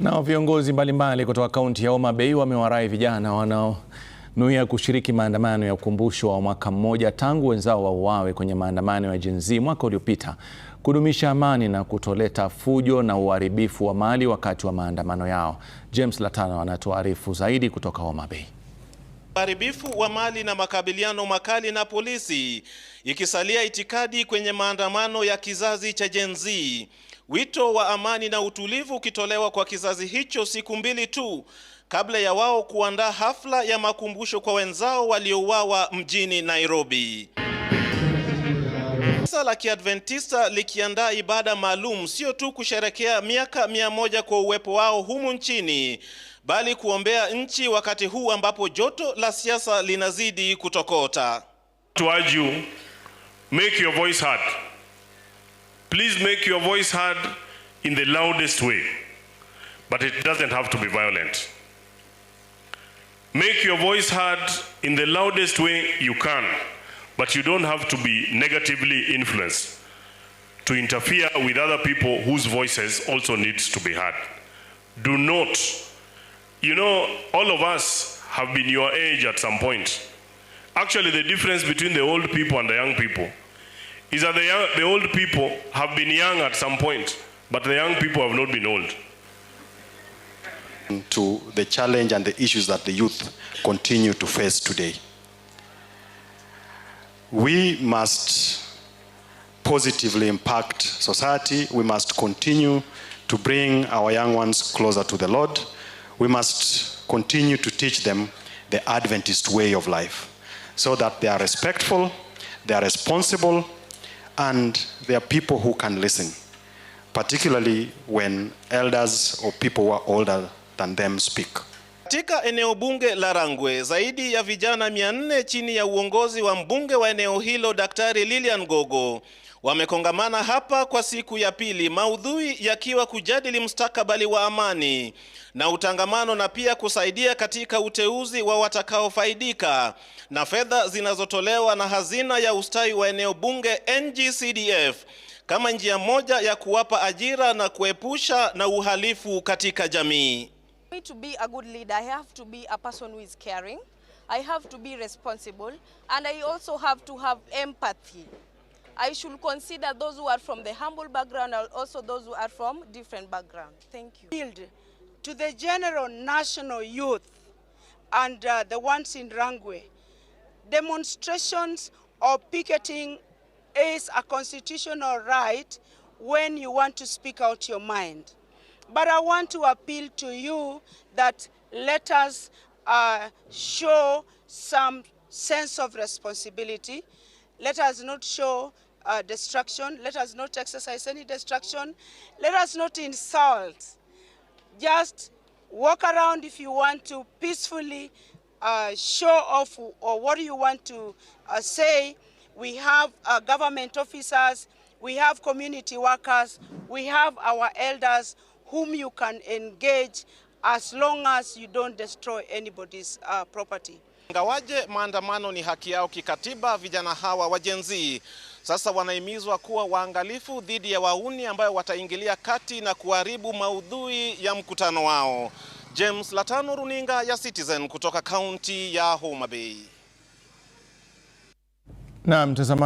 Nao viongozi mbalimbali kutoka kaunti ya Homa Bay wamewarai vijana wanaonuia kushiriki maandamano ya ukumbusho wa mwaka mmoja tangu wenzao wauawe kwenye maandamano ya Gen Z mwaka uliopita kudumisha amani na kutoleta fujo na uharibifu wa mali wakati wa maandamano yao. James Latano anatuarifu zaidi kutoka Homa Bay. Uharibifu wa mali na makabiliano makali na polisi ikisalia itikadi kwenye maandamano ya kizazi cha Gen Z. Wito wa amani na utulivu ukitolewa kwa kizazi hicho siku mbili tu kabla ya wao kuandaa hafla ya makumbusho kwa wenzao waliouawa mjini Nairobi. Kanisa la Kiadventista likiandaa ibada maalum sio tu kusherekea miaka mia moja kwa uwepo wao humu nchini bali kuombea nchi wakati huu ambapo joto la siasa linazidi kutokota. Tuaju, make your voice heard. Please make your voice heard in the loudest way, but it doesn't have to be violent. Make your voice heard in the loudest way you can, but you don't have to be negatively influenced to interfere with other people whose voices also needs to be heard. Do not, you know, all of us have been your age at some point. Actually, the difference between the old people and the young people is that the, young, the old people have been young at some point, but the young people have not been old. To the challenge and the issues that the youth continue to face today. We must positively impact society. We must continue to bring our young ones closer to the Lord. We must continue to teach them the Adventist way of life so that they are respectful, they are responsible, and there are people who can listen, particularly when elders or people who are older than them speak. Katika eneo bunge la Rangwe, zaidi ya vijana 400 chini ya uongozi wa mbunge wa eneo hilo Daktari Lilian Gogo wamekongamana hapa kwa siku ya pili, maudhui yakiwa kujadili mustakabali wa amani na utangamano na pia kusaidia katika uteuzi wa watakaofaidika na fedha zinazotolewa na hazina ya ustawi wa eneo bunge NGCDF kama njia moja ya kuwapa ajira na kuepusha na uhalifu katika jamii. Me to be a good leader, I have to be a person who is caring. I have to be responsible. And I also have to have empathy. I should consider those who are from the humble background and also those who are from different background. Thank you. to the general national youth and uh, the ones in Rangwe, demonstrations or picketing is a constitutional right when you want to speak out your mind. But I want to appeal to you that let us uh, show some sense of responsibility. Let us not show uh, destruction. Let us not exercise any destruction. Let us not insult. Just walk around if you want to peacefully uh, show off or what you want to uh, say. We have uh, government officers, we have community workers, we have our elders whom you can engage as long as you don't destroy anybody's uh, property. Ingawaje maandamano ni haki yao kikatiba, vijana hawa wa Gen Z sasa wanahimizwa kuwa waangalifu dhidi ya wauni ambayo wataingilia kati na kuharibu maudhui ya mkutano wao. James Latano, runinga ya Citizen kutoka kaunti ya Homa Bay. Na mtazamaji